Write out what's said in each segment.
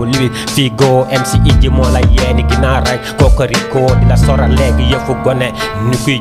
bu liwit fii MC Idji moo la ya yeeni ginaar rek kooko rikkoo di la soral léegi yëfu gone ni kuy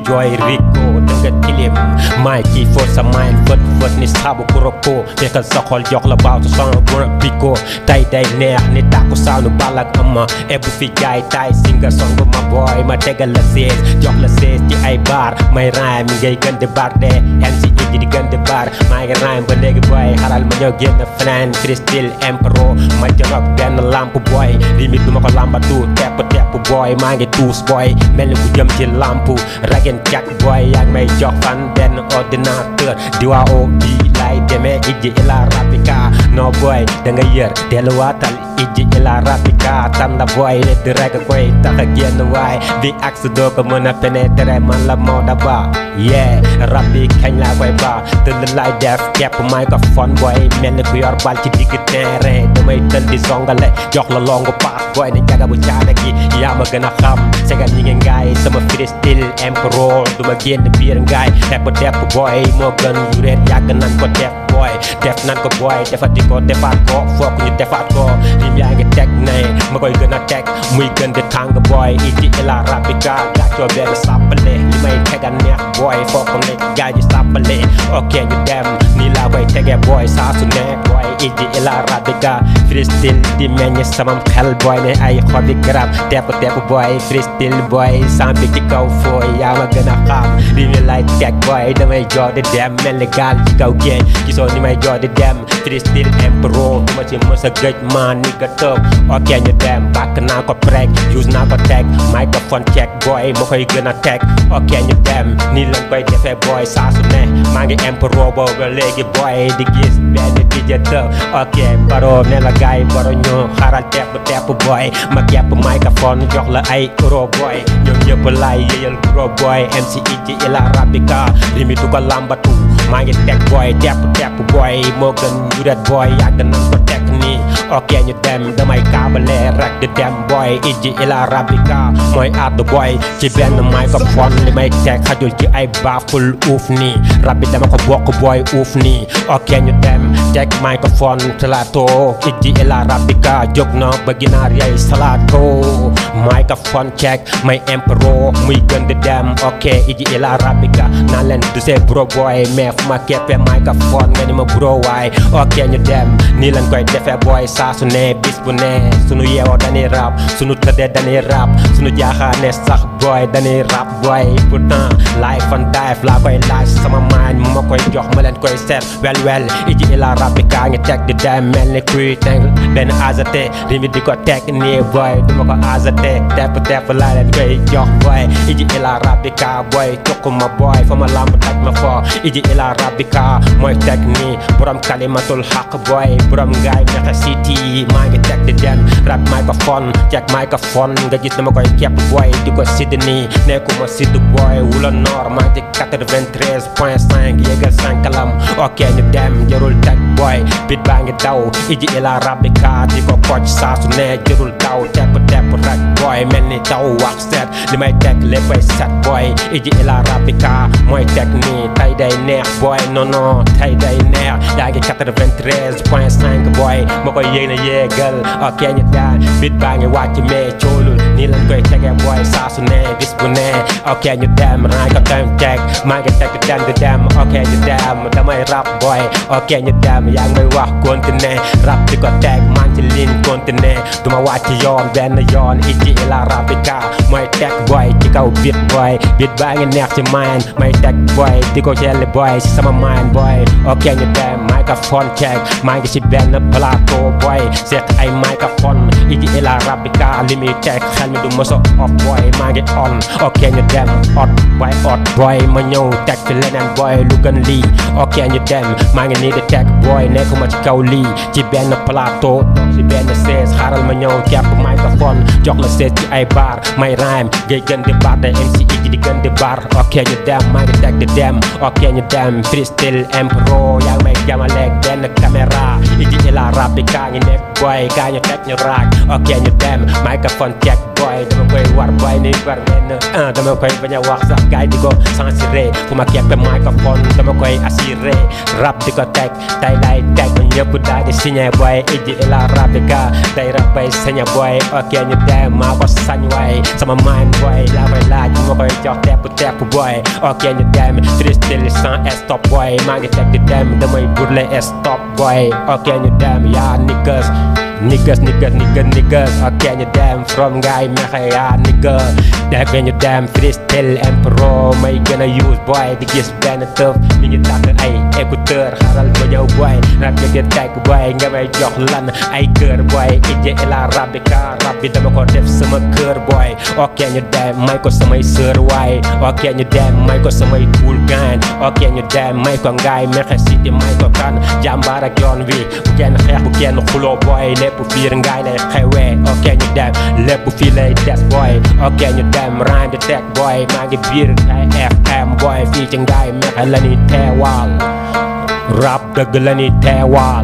nga kilim maay kii foo sa maay fët fët ni saabu kuroko nekkal sa xol jox la baaw sa sama bërëb bi ko tay day neex ni tàkku saanu balak ama ebu fi jaay tay si nga songu ma boy ma tegal la sees jox la sees ci ay baar may raay mi ngay gën di baar de en si indi di gën di baar maa ngi raay ba léegi booy xaral ma ñëw génn feneen cristal impro ma jorog benn lamp booy limit duma ko lambatu tepp tepp booy maa ngi tuus booy mel ni ku jëm ci lamp ragen jak booy yaag make fan, then order not third. Do I OD? lay deme iji ila rapika no boy da nga ya, delu watal iji ila rapika tam la boy le di rek koy tax a génn waay di axe ko mën penetre man la mo da ba yeah rapi kañ la koy ba te lu lay def kepp microphone boy mel ni ku yor bal ci digg terrain damay tël di songale jox la longu pa boy ne jaga bu caada gi ya ma gëna xam xam ga ñi ngaay sama freestyle emperor duma gën biir ngaay tepp tepp boy mo gën yu reet yag nan ko แดฟบอยแดฟนั่นก็บอยแต่ฟาดก็แต่ฟาดก็ฟอกคุณแต่ฟาดก็ริมยางก็แจ็คในมาก็อีเกินน่ะแจ็คมือเกินเดินทางกับบอยอีที่เอลาราปิกาอยากจะแบบซับเปเลยไม่แค่กันเนี่ยบอยฟอกคนเล็กยายจะซับเปเลยโอเคอยู่แดม Nila koy tege boy saa su boy iji ila radiga freestyle di meññ samam xel boy ne ay xobi garab tepp tepp boy freestyle boy sans bi ci kaw fooy yaa ma gën boy damay joo dem mel legal gaal ci kaw géej gisoo ni dem freestyle emperor duma ci mës a gëj maa ni nga tëb ok dem bàkk naa ko prek use naa ko teg microphone check boy ma koy gën a teg ok ñu dem ni lañ koy boy saa su ne maa ngi lagi boy di gis beda di oke, ok baro ne la gaay baro oh, boy, xaral tepp tepp ma kepp microphone jox la ay euro boy, ñoom ñëpp laay yëyal pro boy mc EJ ila e, rapika rimi du ko lambatu maa boy, oh, boy booy tepp boy mogen moo gën โอเคยูเต็มดมไอ้กาบเล่รักเดมบอยอิจิอลาราบิกามอยอาดูบอยจีเบนดมไอ้กับฟอนไม่แจ็คขยุลจีไอ้บาฟุลอูฟนี่ราบิดามาขบวกขบอยอูฟนี่โอเคยูเต็มแจ็คไม่กับฟอนสลาโตอิจิอลาราบิกายกน้องบกินารีสลาโตไม่กับฟอนแจ็คไม่เอ็มเปอโรมีเกินเดมโอเคอิจิอลาราบิกานาเลนดูเซ่บรอบอยแม่ฟมาเก็บแฟไม่กับฟอนเงินมาบรอไวโอเคยูเต็มนี่ลันก่อยเดฟแฟบอย saa su ne bis bu ne sunu yeewoo dañuy raap sunu tëddee dañuy raap sunu jaaxaane sax boy dañuy rap boy put pourtant life and die, laa koy life. sama maañ ma koy jox ma leen koy seet well, wel iji ila rap bi kaa ngi the di day mel ni kuy teng benn azate rimi di ko teg nii boy du ma ko azate tepp tepp laa leen koy jox boy iji ila rap bi boy tukk ma boy fa ma lamb taj ma foo iji ila rap bi kaa mooy teg nii borom kalimatul xaq boy borom ngaay fexe city maa ngi teg di dem rap microphone check microphone nga gis dama koy kepp boy di ko sit Sydney nekkuma sud booy wula nord maa ci yéegal sankalam ok dem jërul taj booy bit baa ngi daw iji ila rabika di ko kocc saa ne jërul daw tepp tepp rek booy mel ni taw wax set li may teg léppay set booy iji ila rabika mooy teg ni tey day neex booy non tey day neex yaa ngi booy ma koy yéeg na yéegal ok ñu daal bit baa ngi wàcc mais coolul นี้เลยก็แชร์แกไว้สาสุนเน่ดิสบุเน่โอเคยูดแดมร้ายก็แดมแจ็คมาแกแจ็คก็แดมก็แดมโอเคอยูดแดมทำไมรับบ่อยโอเคยูดแดมยังไม่ว่ากวนตินเน่รับที่ก็แจ็คมันจะลินกวนตินเน่ดูมาว่าที่ยอมแดนนายอนอิจิเอลาราบิกาไม่แจ็คบ่อยที่เขาบิดบ่อยบิดบ้างเงี้ยเนี่ยจะมันไม่แจ็คบ่อยที่เขาเชล์เลยบ่อยสมัมมันบ่อยโอเคยูดแดมกับฟอนแจกไม้กับชิบแบนและปลาโตไวเสียไอไม้กับฟอนอีกีเอลาราบิกาลิมิแจกแค่มีดูมาสอกออกไวมาเก็ตออนโอเคเนื้อแดมออดไวออดไวมันยงแตกจะเล่นแอนด์ไวลูกันลีโอเคเนื้อแดมมาเงินนี้จะแกกไวในคุมาจิเกาหลีชิบแบนและปลาโตชิบแบนและเซสฮาร์ลมันยงแจกไม้กับฟอนจอกและเซสที่ไอบาร์ไม่ไรม์เกย์กันเดบาร์แต่เอ็มซีอีกีดีกันเดบาร์โอเคเนื้อแดมมาเก็ตแตกเดดแดมโอเคเนื้อแดมฟรีสติลแอมโปรยังไม่ Jij maar lijkt ben de camera Ik die illa rap, ik kan je nek boy Ik kan je nek niet raak, ook dem Microphone check guy dama koy war bay ni bar men un dama koy baña wax di go diko censurer fu ma keppe microphone dama koy assurer rap diko tek tay lay tek ñepp daal di signé boy idji ila rapika tay rap bay signé boy ok ñu dem ma ko sañ way sama mind boy la bay laaj ma koy jox tepp tepp boy ok ñu dem freestyle sans stop boy ma ngi tek di dem damay burle stop boy ok ñu dem ya niggas Niggas, niggas, niggas, niggas I can you damn from guy, mexe yaa nigga def ñu dem freestyle emperor may gonna use boy di get benn tëf ยตามั้ไอเอกูเตอร์ฮาร์ลก็ยาวไวรับยาเดือดใจกูไยเงาไปจอกลันไอเกอร์ไยอิจเอลารับเบการับบิแตามคอนเดฟเสมอเกอร์บอยโอเคเนื้อแดงไม่ก็สมัยเสือร์ไวโอเคเนื้อแดดไม่ก็สมัยทูลกันโอเคยื้แดงไม่ก็ง่ายแม้แค่สิทธิไม่ก็กันยามบาร์กยอนวีบุกแกนแขกบุกแกนคุโลบอยเล็บบุฟีร์ง่ายเลยใครเวโอเคยื้แดงเล็บบุฟีเลยแดดบอยโอเคเนื้อแดงไรน์เดอะแท็กบอยมาเกีบบีร์ไทยเอฟแอมบอยฟีจังได้แม้แค่ละนิดแท้แทวาลรับดกลนิแทวาล